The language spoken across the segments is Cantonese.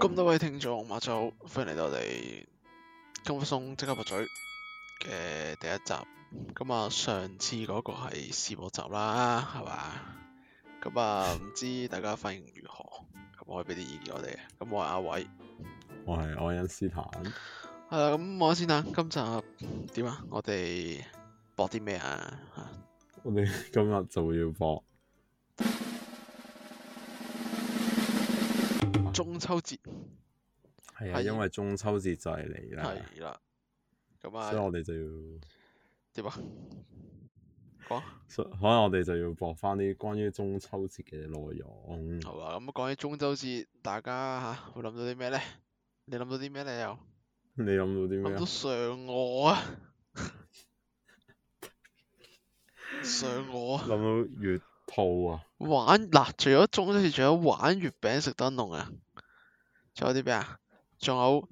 咁多位聽眾，晚上好，歡迎嚟到我哋金松即刻駁嘴嘅第一集。咁、嗯、啊，上次嗰個係試播集啦，係嘛？咁 啊，唔知大家反應如何？咁可以俾啲意見我哋。咁我係阿偉，我係愛因斯坦。係啦，咁 我先啦。今集點啊、嗯？我哋播啲咩啊？ 我哋今日就要播。中秋節，係啊，因為中秋節就係嚟啦。係啦，咁啊，所以我哋就要點啊講，啊？所以可能我哋就要播翻啲關於中秋節嘅內容。好啊！咁、嗯、講起中秋節，大家嚇會諗到啲咩咧？你諗到啲咩咧？你又你諗到啲咩啊？諗到嫦娥啊！嫦娥啊！諗 我到月兔啊！玩嗱，除咗中秋節，仲有玩月餅、食燈籠啊！仲有啲咩啊？仲有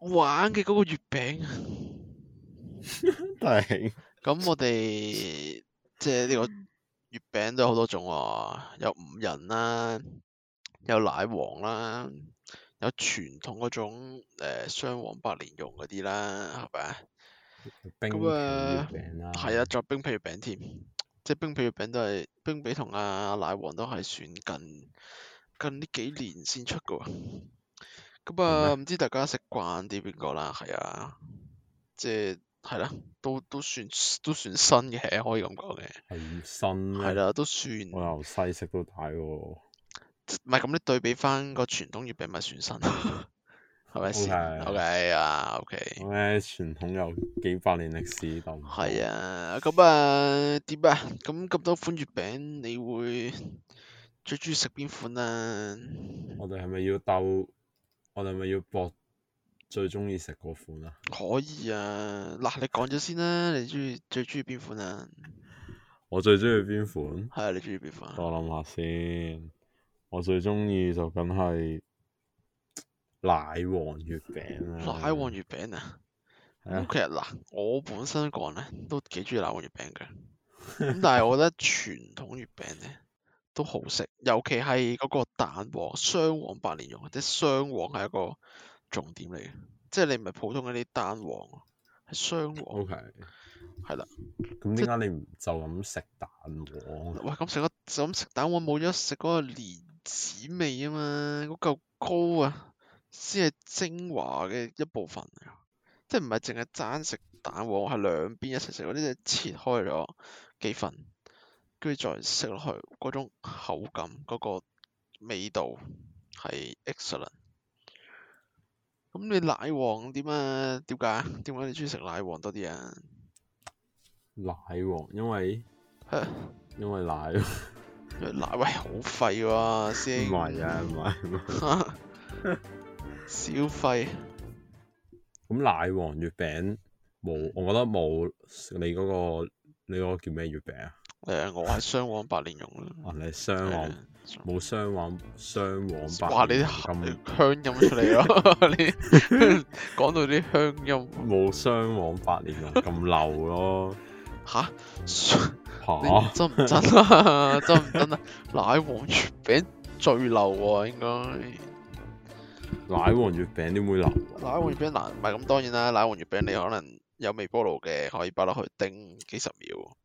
玩嘅嗰個月餅啊！咁我哋即係呢個月餅都有好多種喎、哦，有五仁啦，有奶黃啦，有傳統嗰種誒、呃、雙黃白蓮蓉嗰啲啦，係咪啊？咁誒係啊，作冰皮月餅添、啊啊啊，即係冰皮月餅都係冰皮同阿奶黃都係算近。近呢幾年先出嘅喎，咁啊唔知大家食慣啲邊個啦？係啊，即係係啦，都都算都算新嘅，可以咁講嘅。係新。係啦，都算。都算我由細食到大喎。唔係咁，你對比返個傳統月餅，咪算新，係咪先？O K 啊，O K。咁咧，傳統有幾百年歷史，當。係啊，咁啊點啊？咁咁、啊、多款月餅，你會最中意食邊款啊？我哋係咪要鬥？我哋係咪要搏最中意食嗰款啊？可以啊！嗱，你講咗先啦、啊，你中意最中意邊款啊？我最中意邊款？係啊，你中意邊款、啊？我諗下先，我最中意就梗係奶黃月餅啦。奶黃月餅啊？咁、 嗯、其實嗱，我本身講咧都幾中意奶黃月餅嘅，咁但係我覺得傳統月餅咧。 都好食，尤其係嗰個蛋黃雙黃白蓮蓉，或者雙黃係一個重點嚟嘅，即係你唔係普通嗰啲蛋黃，係雙黃。O K，係啦。咁點解你唔就咁食蛋黃？喂，咁食個就咁食蛋黃冇咗食嗰個蓮子味啊嘛，嗰嚿糕啊，先係精華嘅一部分，即係唔係淨係爭食蛋黃，係兩邊一齊食，我呢切開咗幾份。跟住再食落去，嗰種口感，嗰個味道係 excellent。咁你奶黃點啊？點解？點解你中意食奶黃多啲啊？奶黃因為 因為奶，因為 奶位好費喎先。唔係啊唔係， 啊小費咁奶黃月餅冇，我覺得冇你嗰個你嗰個叫咩月餅啊？誒，我係雙黃白蓮蓉啊！你雙黃冇雙黃雙黃，嗯、白哇！你啲鄉音出嚟咯！ 你講到啲鄉音，冇雙黃白蓮蓉咁流咯。吓？ 吓哈？ 真唔真啊？ 真唔真啊？奶黃月餅最流啊，應該奶黃月餅點會流？奶黃月餅難？唔係咁，當然啦！奶黃月餅你可能有微波爐嘅，可以擺落去叮幾十秒。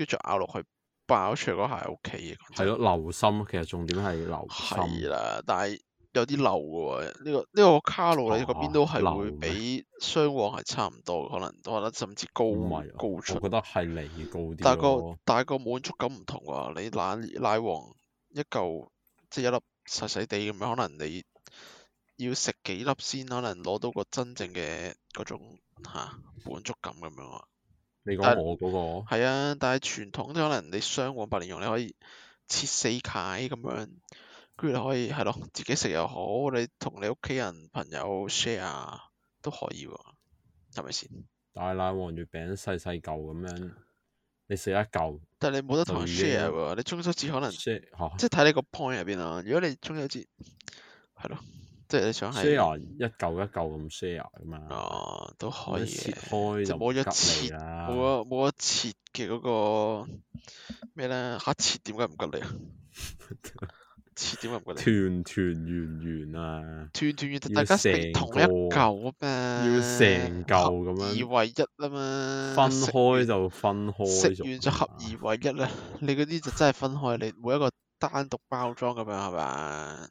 跟住咬落去爆出嗰下 O K 嘅感覺，係囉流心，其實重點係流心。係啦，但係有啲漏嘅喎，呢、這個呢、這個卡路里嗰邊都係會比雙黃係差唔多，可能我覺得甚至高啲。高出，我覺得係嚟高啲。但係個但係個滿足感唔同喎，你奶奶黃一嚿，即係一粒細細地咁樣，可能你要食幾粒先，可能攞到個真正嘅嗰種嚇滿、啊、足感咁樣喎。你講我嗰個係啊，但係傳統都可能你雙黃白蓮蓉你可以切四塊咁樣，跟住你可以係咯、啊，自己食又好，你同你屋企人朋友 share 啊都可以喎、啊，係咪先？大奶黃月餅細細嚿咁樣，你食一嚿。但係你冇得同人 share 喎，你中秋節可能。即係睇你個 point 入邊啊。如果你中秋節係咯。即係你想係 share 一嚿一嚿咁 share 噶嘛？哦，都可以。開就冇一切冇一冇一切嘅嗰個咩咧？嚇，切點解唔吉利啊？切點解唔吉利？團團圓圓啊！團團圓，大家食同一嚿啊嘛！要成嚿咁樣合二為一啦嘛！分開就分開，食完就合二為一啦。你嗰啲就真係分開，你每一個單獨包裝咁樣係咪？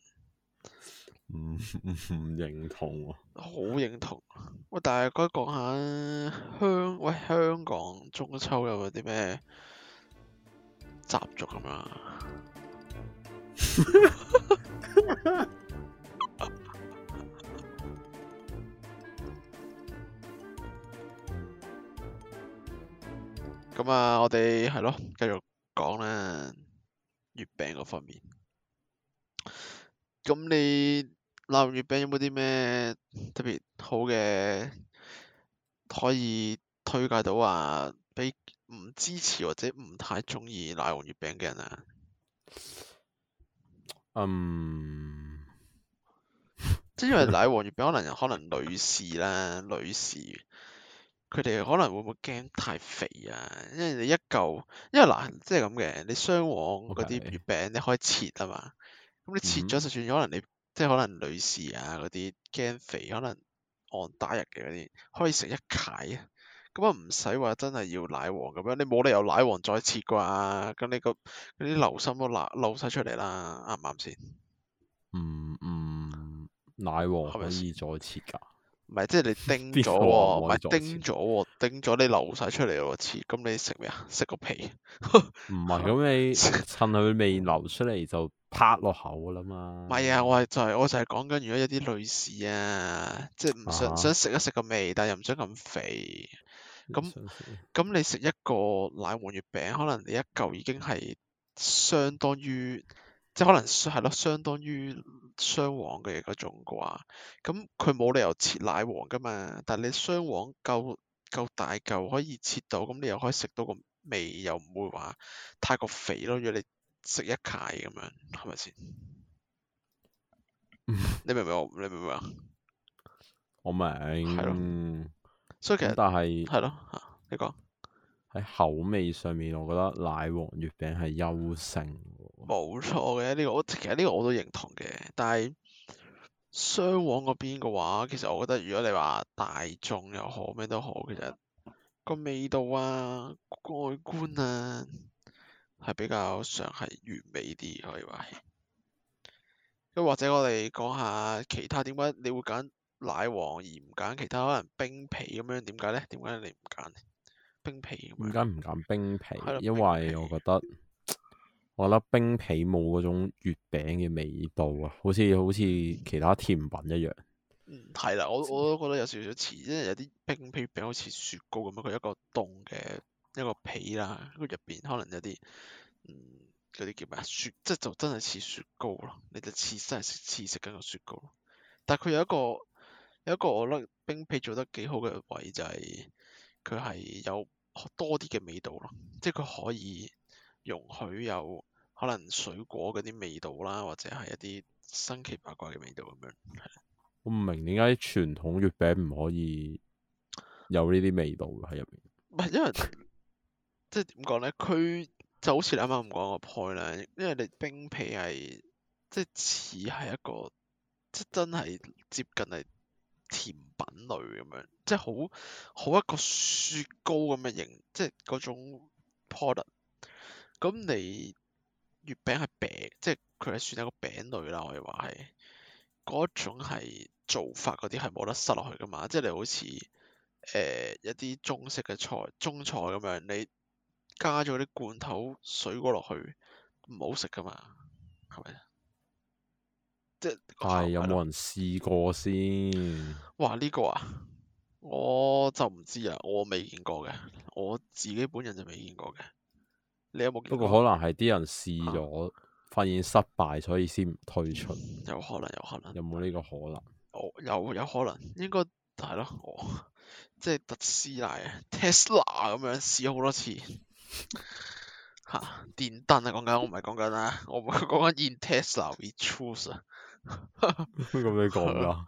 唔唔、嗯嗯、認同喎、喔，好認同、啊。喂，但係該講下香，喂香港中秋有冇啲咩習俗咁啊？咁 啊，我哋係咯，繼續講啦，月餅嗰方面。咁你？奶黃月餅有冇啲咩特別好嘅可以推介到啊？俾唔支持或者唔太中意奶黃月餅嘅人啊？嗯、um，即係因為奶黃月餅，可能 可能女士啦，女士佢哋可能會唔會驚太肥啊？因為你一嚿，因為嗱，即係咁嘅，你雙黃嗰啲月餅你可以切啊嘛，咁 Okay. 你切咗就算，可能你。Hmm. 即係可能女士啊嗰啲驚肥，可能 on diet 嘅嗰啲，可以食一契啊。咁啊唔使話真係要奶黃咁樣，你冇理由奶黃再切啩？咁你、嗰個啲流心都流晒出嚟啦，啱唔啱先？嗯嗯，奶黃係咪先再切㗎？唔係，即係你叮咗，哦，唔係 叮咗，哦，叮咗了 你流晒出嚟個刺，咁你食咩啊？食個皮？唔 係， 咁你趁佢未流出嚟就拍落口㗎啦嘛？唔係 啊，我係就係，是，我就係講緊，如果有啲女士啊，即係唔想，啊、想食一食個味，但又唔想咁肥，咁咁你食一個奶黃月餅，餅，可能你一嚿已經係相當於，即係可能係咯，相當於。雙黃嘅嗰種啩，咁佢冇理由切奶黃噶嘛，但係你雙黃夠夠大嚿可以切到，咁你又可以食到個味，又唔會話太過肥咯，如果你食一嚿咁樣，係咪先？你明唔明我？你明唔明啊？我明。係咯。所以其實、嗯。但係。係咯、啊。你講。喺口味上面，我覺得奶黃月餅係優勝。冇錯嘅呢個，我其實呢個我都認同嘅。但係雙黃嗰邊嘅話，其實我覺得如果你話大眾又好咩都好，其實個味道啊、外觀啊係比較上係完美啲可以話係。咁或者我哋講下其他，點解你會揀奶黃而唔揀其他可能冰皮咁樣點解呢？點解你唔揀？冰皮點解唔揀冰皮？ 因為我覺得。 我覺得冰皮冇嗰種月餅嘅味道啊，好似好似其他甜品一樣。嗯，係啦，我我都覺得有少少似，因為有啲冰皮餅好似雪糕咁樣，佢一個凍嘅一個皮啦，佢入邊可能有啲嗯嗰啲叫咩？雪即就真係似雪糕咯，你就似真係食似食緊個雪糕。但係佢有一個有一個我覺得冰皮做得幾好嘅位就係佢係有多啲嘅味道咯，即佢可以容許有。可能水果嗰啲味道啦，或者係一啲新奇百怪嘅味道咁樣，係。我唔明點解傳統月餅唔可以有呢啲味道喺入面。唔係因為 即係點講咧？佢就好似你啱啱咁講個 point 咧，因為你冰皮係即係似係一個即真係接近係甜品類咁樣，即係好好一個雪糕咁嘅形，即係嗰種 product。咁你？月餅係餅，即係佢係算係一個餅類啦。可以話係嗰種係做法嗰啲係冇得塞落去噶嘛。即係你好似誒、呃、一啲中式嘅菜、中菜咁樣，你加咗啲罐頭水果落去，唔好食噶嘛，係咪啊？即係、哎、有冇人試過先？哇！呢、這個啊，我就唔知啊，我未見過嘅，我自己本人就未見過嘅。你有冇？不過可能係啲人試咗，啊、發現失敗，所以先退出、嗯。有可能，有可能。有冇呢個可能？我、哦、有有可能，應該係咯。我即係特斯拉啊，Tesla 咁樣試咗好多次。吓、啊，電燈啊，講緊我唔係講緊啊，我講緊 in Tesla we choose 咁你講噶？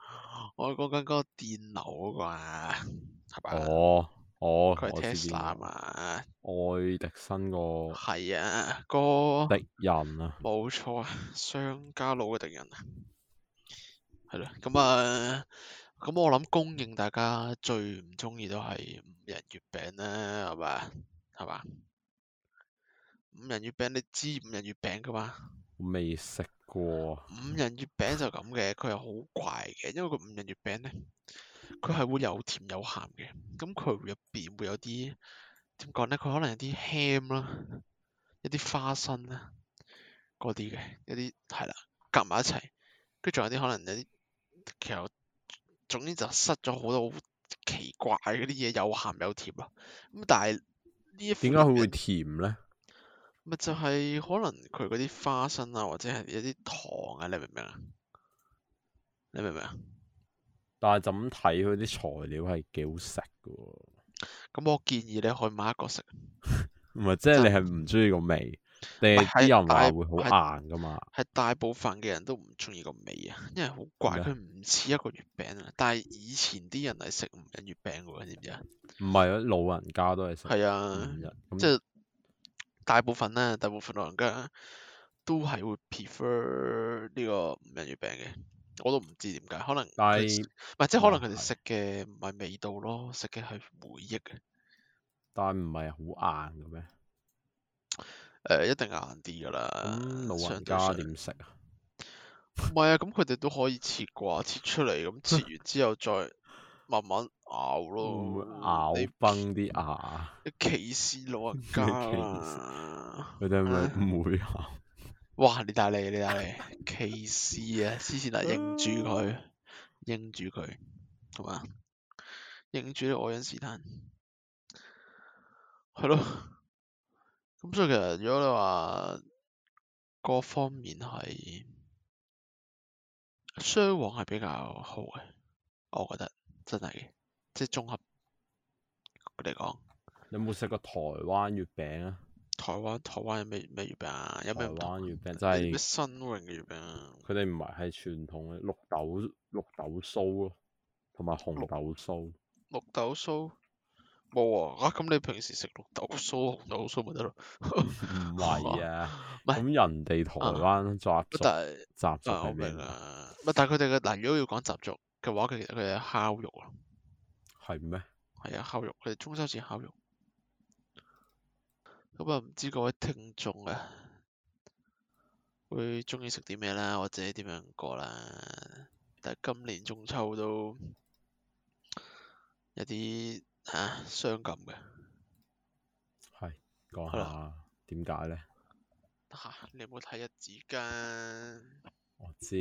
我講緊嗰個電流嗰、嗰個呀，係咪？哦。哦，佢 Tesla 嘛愛迪生個係啊個敵人啊，冇錯啊，商家佬嘅敵人啊，係咯，咁、嗯、啊，咁、嗯嗯嗯嗯、我諗公認大家最唔中意都係五仁月餅啦，係咪？係嘛？五仁月餅，你知五仁月餅噶嘛？未食過。五仁月餅就咁嘅，佢係好怪嘅，因為個五仁月餅呢。佢係會有甜有鹹嘅，咁佢入邊會有啲點講咧？佢可能有啲 ham 啦，一啲花生啦，嗰啲嘅一啲係啦，夾埋一齊，跟住仲有啲可能有啲其實總之就失咗好多好奇怪嗰啲嘢，有鹹有甜咯。咁但係呢一，點解佢會甜咧？咪就係可能佢嗰啲花生啊，或者係一啲糖啊，你明唔明啊？你明唔明啊？但係咁睇佢啲材料係幾好食嘅？咁我建議你可以買一個食。唔係即係你係唔中意個味，你啲人話會好硬噶嘛？係大部分嘅人都唔中意個味啊，因為好怪，佢唔似一個月餅啊。但係以前啲人係食五仁月餅嘅，你知唔知啊？唔係啊，老人家都係食，係啊的，即係大部分咧，大部分老人家都係會 prefer 呢個五仁月餅嘅。我都唔知點解，可能，但係是，唔係即係可能佢哋食嘅唔係味道咯，食嘅係回憶。但唔係好硬嘅咩？誒、呃，一定硬啲㗎啦、嗯。老人家點食 啊？唔係啊，咁佢哋都可以切啩，切出嚟咁，切完之後再慢慢咬咯，咬 你崩啲牙。你歧視老人家啊！佢哋唔會咬。 哇！你大力，你大力，歧視啊！黐線，應住佢，應住佢，好嘛？應住你愛因斯坦，係咯。咁所以其實，如果你話各方面係雙方係比較好嘅，我覺得真係嘅，即係綜合嚟講。你有冇食過台灣月餅啊？台灣台灣有咩咩月餅啊？有冇台灣月餅？就係、咩、新穎嘅月餅啊？佢哋唔係係傳統嘅綠豆綠豆酥咯，同埋紅豆酥。綠豆酥？冇啊！咁、啊、你平時食綠豆酥、紅豆酥咪得咯。唔 係 啊。咁、 啊嗯、人哋台灣習但是習俗、啊、我明啦。唔但係佢哋嘅嗱，如果要講習俗嘅話，佢其實佢哋烤肉啊。係咩嗎？係啊，烤肉，佢哋中秋節烤肉。咁啊，唔、嗯、知各位聽眾啊，會鍾意食啲咩啦，或者點樣過啦？但係今年中秋都有啲嚇、啊、傷感嘅，係講下點解呢？嚇、啊，你有冇睇日子㗎？我知，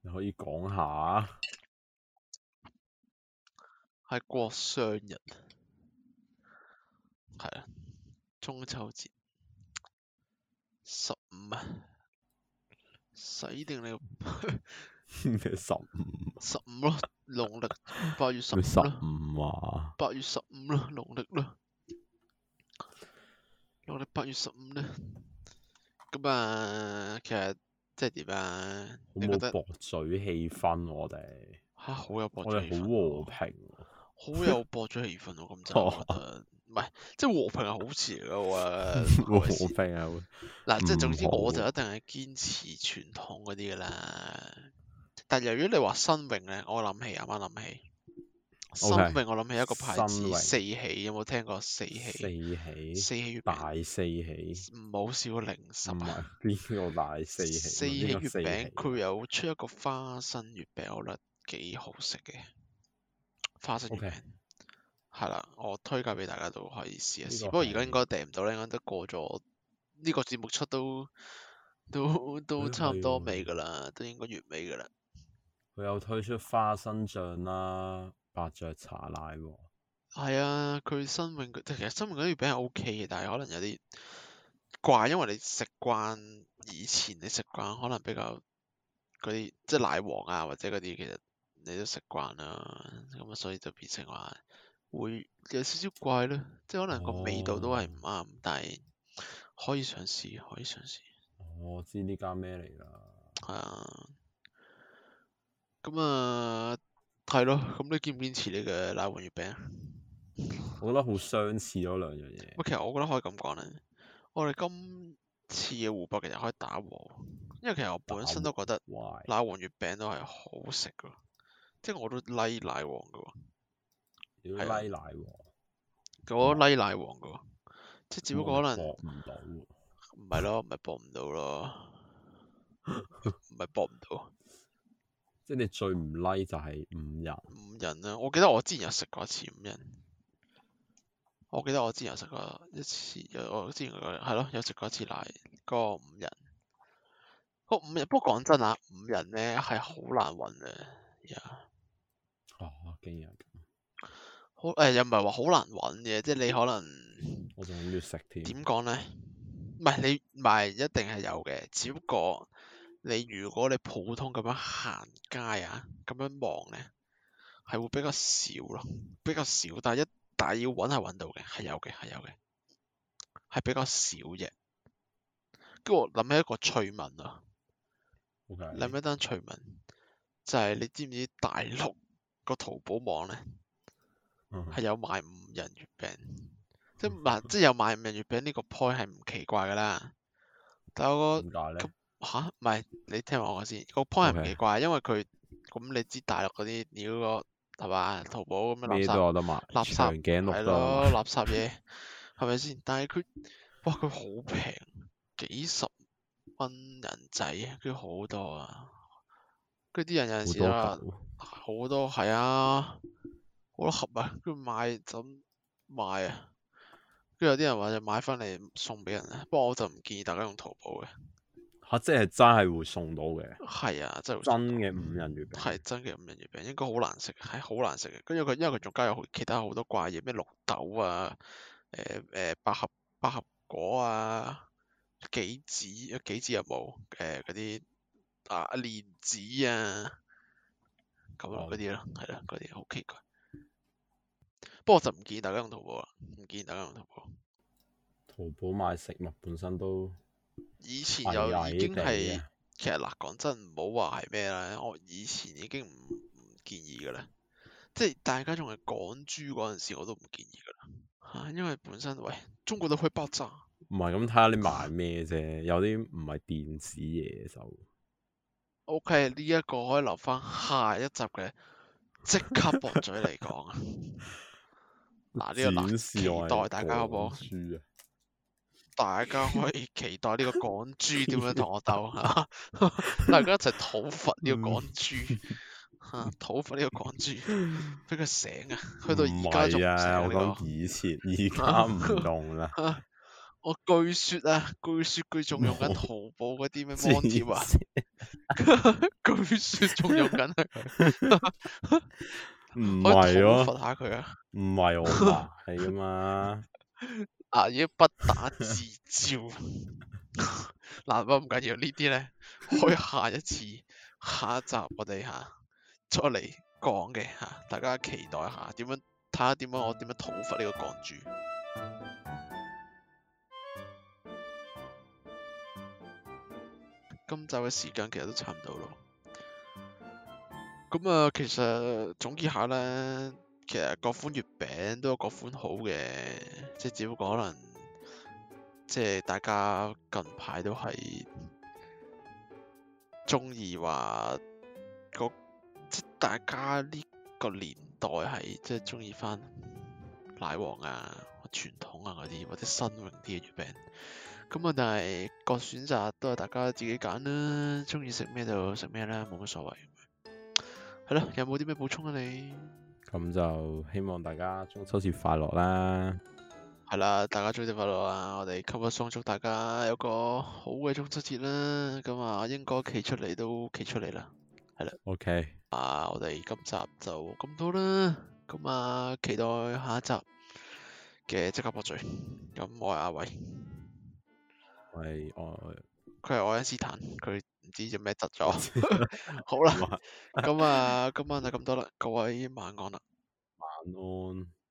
你可以講下，係國殤日。係啊，中秋節十五啊，死定你咩十五？十五咯，農曆八月十五。咩十五啊？八月十五咯，農曆咯。我哋八月十五咧，咁啊，其實即係點啊？好冇得駁嘴氣氛、啊、我哋吓、啊、好有駁嘴氣氛、啊。 我哋好和平，好有駁嘴氣氛咯，咁就。唔係，即係和平係好事嚟啊，嗱，即係總之我就一定係堅持傳統嗰啲嘅啦。但係由於你話新穎咧，我諗起，啱啱諗起，新穎我諗起一個牌子新穎四喜，有冇聽過四喜？四喜。四喜,四喜大四喜。唔好少零食。唔邊、這個大四喜？四喜月餅佢有出一個花生月餅，我覺得幾好食嘅花生月餅。Okay. 係啦，我推介俾大家都可以試一試。不過而家應該訂唔到咧，應都過咗呢、這個節目出都，都都差唔多尾噶啦，哎、都應該月尾噶啦。佢有推出花生醬啦、啊、白雀茶奶皇。係啊，佢新永佢，其實新永嗰啲月餅係 O K 嘅，但係可能有啲怪，因為你食慣以前你食慣可能比較嗰啲即係奶皇啊，或者嗰啲其實你都食慣啦，咁啊所以就變成話。會有少少怪咯，即係可能個味道都係唔啱，哦、但係可以嘗試，可以嘗試、哦。我知呢間咩嚟噶。係啊。咁啊，係咯，咁你堅唔堅持你嘅奶黃月餅？ 我覺得好相似嗰兩樣嘢。喂，其實我覺得可以咁講咧，我哋今次嘅湖北其實可以打和，因為其實我本身都覺得奶黃月餅，餅，餅，餅都係好食噶，即係我都 like 奶黃噶。要拉、like、奶黃，嗰拉、like、奶黃噶，即係哇只不過可能博唔到，唔係咯，唔係博唔到咯，唔係博唔到，即係你最唔拉、like、就係五人，五人啊。我記得我之前有食過一次五人，我記得我之前有食過一次，我之前係咯，有食過一次奶，嗰個五人，個五人不過講真啊，五人呢係好難搵嘅。呀、yeah，哦，我竟然。好誒，又唔係話好難搵嘅，即係你可能我仲要食添。點講呢？唔係你唔係一定係有嘅，只不過你如果你普通咁樣行街啊，咁樣望呢，係會比較少咯，比較少。但係一但要搵係搵到嘅，係有嘅，係有嘅，係比較少嘅。跟住我諗起一個趣聞啊，諗 Okay. 起一單趣聞就係、是、你知唔知大陸個淘寶網呢？係有賣五仁月餅，即係即係有賣五仁月餅呢個 point 係唔奇怪噶啦。但係我個吓唔係你聽我講先，個 point 係唔奇怪，Okay. 因為佢咁你知大陸嗰啲你個係嘛，淘寶咁樣垃圾。得賣。垃圾係咯，垃圾嘢係咪先？但係佢哇佢好平，幾十蚊人仔，佢好多啊，佢啲人有陣時啊好多係啊。好多盒啊，跟住買就買啊，跟住有啲人話就買翻嚟送俾人啊，不過我就唔建議大家用淘寶嘅。吓，即係真係會送到嘅？係啊，真真嘅五仁月餅。係真嘅五仁月餅，應該好難食，係好難食嘅。跟住佢，因為佢仲加入其他好多怪嘢，咩綠豆啊，誒誒百合、百合果啊，杞子啊，杞子有冇？誒嗰啲啊蓮子啊，咁咯，嗰啲咯，係咯，嗰啲好奇怪。不過就唔建議大家用淘寶啦，唔建議大家用淘寶。淘寶買食物本身都以前又已經係，哎、呀其實嗱講真，唔好話係咩啦，我以前已經唔建議噶啦，即係大家仲係講豬嗰陣時，我都唔建議噶啦。吓、啊，因為本身喂，中國都去爆炸。唔係咁睇下你買咩啫，有啲唔係電子嘢就。O K 呢一個可以留翻下一集嘅，即刻駁嘴嚟講啊！ 嗱，呢、啊這個難，期待大家珠好唔好？大家可以期待呢個港豬點樣同我鬥、 啊？大家一齊討伐呢個港豬，吓討、嗯啊、伐呢個港豬，俾佢醒啊！去到而家仲醒我講以前，而家唔用啦、啊啊。我據說啊，據說佢仲用緊淘寶嗰啲咩網頁啊？據說仲用緊唔係咯，罰下佢啊！唔係、啊、我話，係啊嘛，阿已 不打自招， 嗱，不過唔緊要緊呢啲咧，可以下一次 下一集我哋吓、啊、再嚟講嘅吓，大家期待下點樣，睇下點樣我點樣討伐呢個港主。 今集嘅時間其實都差唔多咯。咁啊、嗯，其實總結下咧，其實各款月餅都有各款好嘅，即係只不過可能即係大家近排都係中意話個即係大家呢個年代係即係中意翻奶黃啊、傳統啊嗰啲或者新穎啲嘅月餅。咁啊，但係個選擇都係大家自己揀啦，中意食咩就食咩啦，冇乜所謂。係啦，有冇啲咩補充啊？你咁就希望大家中秋節快樂啦。係啦，大家中秋節快樂啊！我哋給個送祝大家有個好嘅中秋節啦。咁啊，應該企出嚟都企出嚟啦。係啦，OK。啊，我哋今集就咁多啦。咁啊，期待下一集嘅即刻播聚。咁我係阿偉，偉我。佢係愛因斯坦，佢。唔知做咩窒咗，好啦，咁啊，今晚就咁多啦，各位晚安啦。晚安。